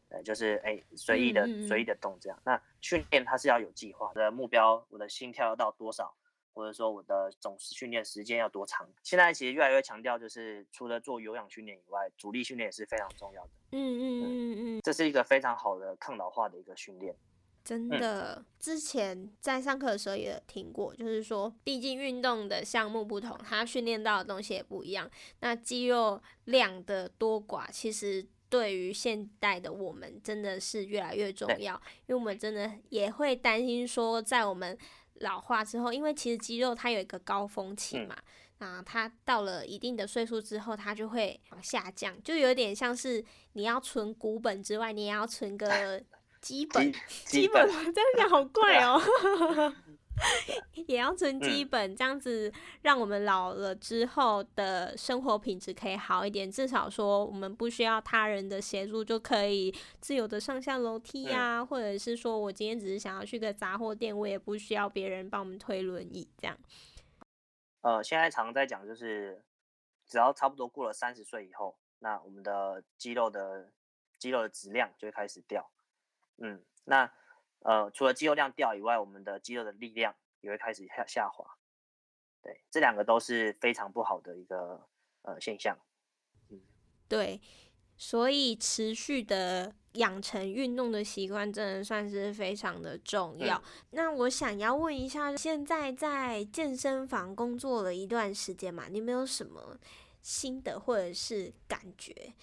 對，就是哎隨意的、隨意的動這樣。Mm -hmm. 那訓練它是要有計劃的，的目標，我的心跳要到多少？或者說我的總訓練時間要多長？現在其實越來越強調，就是除了做有氧訓練以外，阻力訓練也是非常重要的。嗯嗯嗯嗯嗯，這是一個非常好的抗老化的一個訓練。真的、嗯，之前在上課的時候也聽過，就是說，畢竟運動的項目不同，它訓練到的東西也不一樣。那肌肉量的多寡，其實對於現代的我們，真的是越來越重要，因為我們真的也會擔心說，在我們老化之後，因為其實肌肉它有一個高峰期嘛，嗯、啊，它到了一定的歲數之後，它就會往下降，就有點像是你要存股本之外，你也要存個基本， 基本， 這樣講好怪哦、喔。 也要存基本，嗯，這樣子讓我們老了之後的生活品質可以好一點。至少說，我們不需要他人的協助就可以自由的上下樓梯啊，嗯，或者是說我今天只是想要去個雜貨店，我也不需要別人幫我們推輪椅這樣。呃，現在常在講就是，只要差不多過了三十歲以後，那我們的肌肉的肌肉的質量就會開始掉。嗯，那。呃，除了肌肉量掉以外，我們的肌肉的力量也會開始下下滑。對，這兩個都是非常不好的一個呃現象。嗯，對，所以持續的養成運動的習慣，真的算是非常的重要。那我想要問一下，現在在健身房工作了一段時間嘛，你有沒有什麼心得或者是感覺？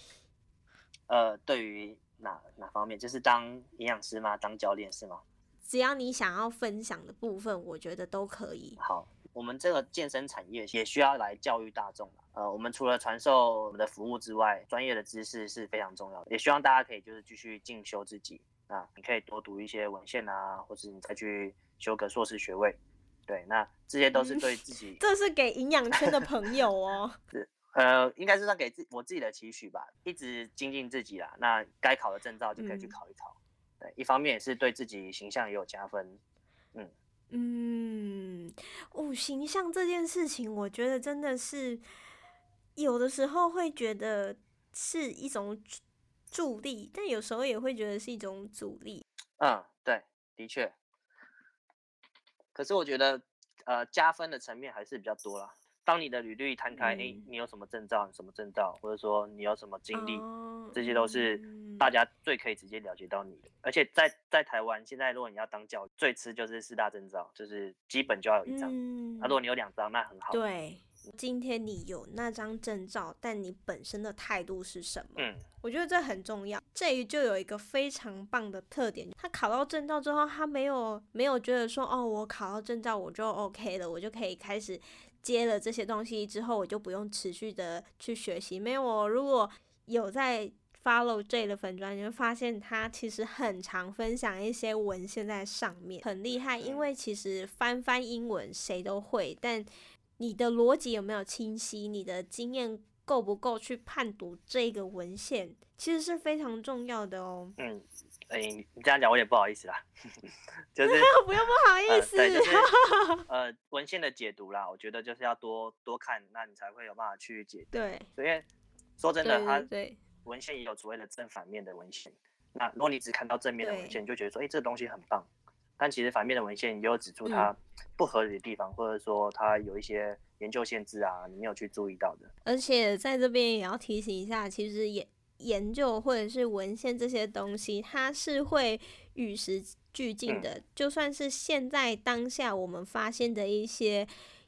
呃，對於。哪哪方面？就是當營養師嗎？當教練是嗎？只要你想要分享的部分，我覺得都可以。好，我們這個健身產業也需要來教育大眾了。呃，我們除了傳授我們的服務之外，專業的知識是非常重要的。也希望大家可以就是繼續進修自己啊，你可以多讀一些文獻啊，或者你再去修個碩士學位。對，那這些都是對自己。嗯，這是給營養圈的朋友哦。 是。呃，應該是算給自我自己的期許吧，一直精進自己啦。那該考的證照就可以去考一考，嗯，對，一方面也是對自己形象也有加分。嗯嗯，哦，形象這件事情，我覺得真的是有的時候會覺得是一種助力，但有時候也會覺得是一種阻力。嗯，對，的確。可是我覺得，呃，加分的層面還是比較多啦。當你的履歷攤開，哎、嗯欸，你有什麼證照？你什麼證照？或者說你有什麼經歷、哦嗯？這些都是大家最可以直接了解到你的。而且在在台灣，現在如果你要當教，最次就是四大證照，就是基本就要有一張。嗯。那如果你有兩張，那很好。對。今天你有那張證照，但你本身的態度是什麼？嗯。我覺得這很重要。這裡就有一個非常棒的特點，他考到證照之後，他沒有沒有覺得說，哦，我考到證照我就 OK 了，我就可以開始。接了這些東西之後，我就不用持續的去學習。沒有、哦，我如果有在 follow Jay 的粉專，你會發現他其實很常分享一些文獻在上面，很厲害。因為其實翻翻英文誰都會，但你的邏輯有沒有清晰，你的經驗夠不夠去判讀這個文獻，其實是非常重要的哦。嗯。哎、欸，你這樣講我也不好意思啦， 就是 不用不好意思、呃。對，就是 呃文獻的解讀啦，我覺得就是要多多看，那你才會有辦法去解讀。對，所以，說真的，對、對、對，文獻也有所謂的正反面的文獻。那如果你只看到正面的文獻，你就覺得說哎、欸、這東西很棒，但其實反面的文獻也有指出它不合理的地方、嗯，或者說它有一些研究限制啊，你沒有去注意到的。而且在這邊也要提醒一下，其實也。研究或者是文獻這些東西，它是會與時俱進的，嗯。就算是現在當下我們發現的一些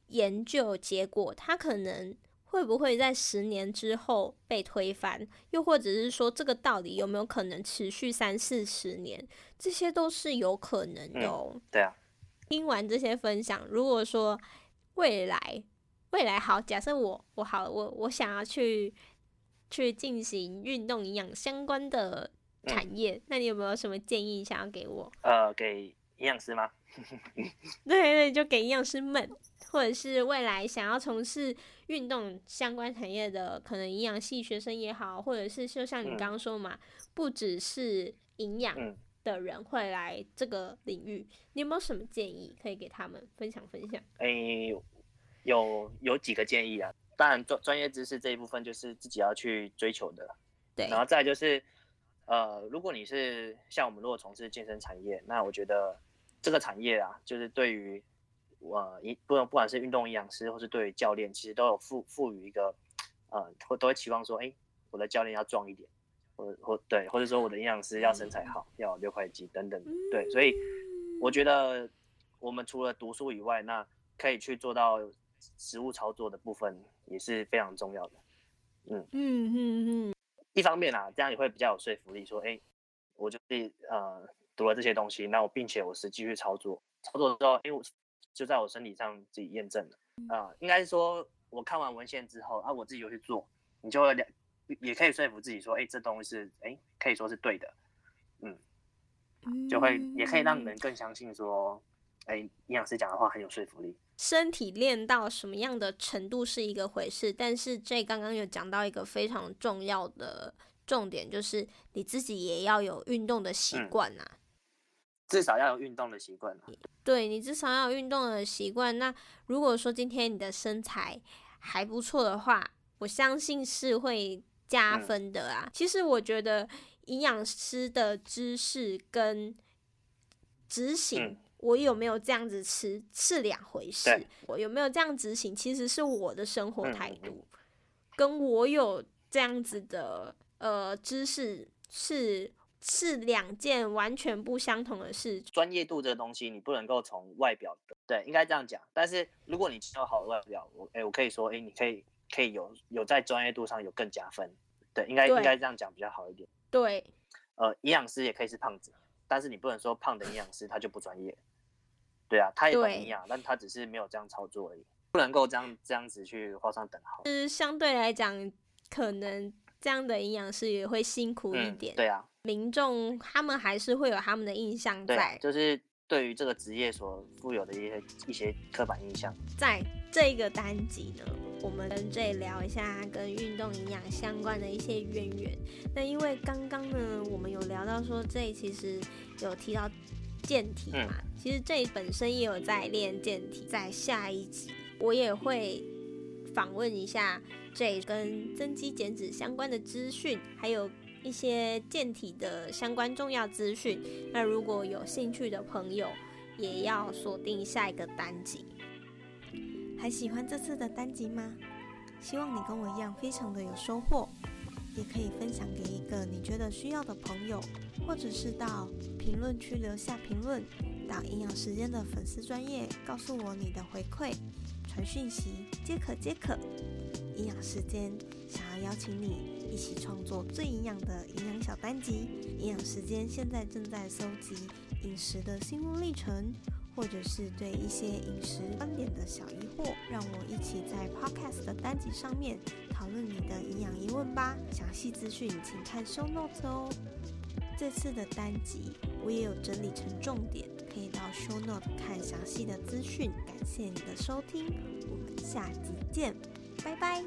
研究結果，它可能會不會在十年之後被推翻，又或者是說這個道理有沒有可能持續三四十年，這些都是有可能的哦，嗯。對啊，聽完這些分享，如果說未來，未來好，假設我我好，我我想要去。去進行運動營養相關的產業，嗯，那你有沒有什麼建議想要給我？呃，給營養師嗎？對 對，就給營養師們，或者是未來想要從事運動相關產業的，可能營養系學生也好，或者是就像你剛剛說嘛，嗯，不只是營養的人會來這個領域，嗯，你有沒有什麼建議可以給他們分享分享？哎，欸，有，有幾個建議啊。但專專業知識這一部分就是自己要去追求的，對，然後再就是，呃，如果你是像我們如果從事健身產業，那我覺得這個產業啊，就是對於，我，一，不不管是運動營養師或是對於教練，其實都有賦賦予一個，呃，會都，都會期望說，哎、欸，我的教練要壯一點，或或對，或者說我的營養師要身材好，嗯、要六塊肌等等，對，所以我覺得我們除了讀書以外，那可以去做到實務操作的部分。也是非常重要的，嗯嗯嗯嗯，一方面啊，這樣也會比較有說服力，說，哎，我就以、是、呃讀了這些東西，那我並且我實際去操作，操作的時候哎，我就在我身體上自己驗證了，啊、呃，應該是說我看完文獻之後啊，我自己就去做，你就會也可以說服自己說，哎，這東西是哎可以說是對的，嗯，就會也可以讓你們更相信說，哎，營養師講的話很有說服力。身體練到什麼樣的程度是一個回事，但是 Jay 剛剛有講到一個非常重要的重點，就是你自己也要有運動的習慣吶、啊嗯。至少要有運動的習慣。對，你至少要有運動的習慣。那如果說今天你的身材還不錯的話，我相信是會加分的啊。嗯、其實我覺得營養師的知識跟執行、嗯。我有沒有這樣子吃是兩回事，我有沒有這樣執行其實是我的生活態度、嗯，跟我有這樣子的呃知識是是兩件完全不相同的事。專業度這個東西你不能夠從外表，對，應該這樣講。但是如果你有好的外表，我哎、欸，我可以說，哎、欸，你可以可以有有在專業度上有更加分。對，應該應該這樣講比較好一點。對，呃，營養師也可以是胖子，但是你不能說胖的營養師他就不專業。對啊，他也有營養，但他只是沒有這樣操作而已，不能夠這樣這樣子去畫上等號。就是相對來講，可能這樣的營養師也會辛苦一點。嗯、對啊，民眾他們還是會有他們的印象在，對，就是對於這個職業所富有的一些一些刻板印象。在這個單集呢，我們跟 Jay 聊一下跟運動營養相關的一些淵源,源。那因為剛剛呢，我們有聊到說 Jay 其實有提到。健體嘛，其實 Jay 本身也有在練健體，在下一集我也會訪問一下 Jay 跟增肌減脂相關的資訊，還有一些健體的相關重要資訊。那如果有興趣的朋友，也要鎖定下一個單集。還喜歡這次的單集嗎？希望你跟我一樣非常的有收穫。也可以分享給一個你覺得需要的朋友，或者是到評論區留下評論，到營養時間的粉絲專頁告訴我你的回饋，傳訊息皆可皆可。營養時間想要邀請你一起創作最營養的營養小單集，營養時間現在正在搜集飲食的心路歷程，或者是對一些飲食觀點的小疑惑，讓我一起在 Podcast 的單集上面討論你的營養疑問吧。詳細資訊請看 Show Notes 哦。這次的單集我也有整理成重點，可以到 Show Note 看詳細的資訊。感謝你的收聽，我們下集見，拜拜。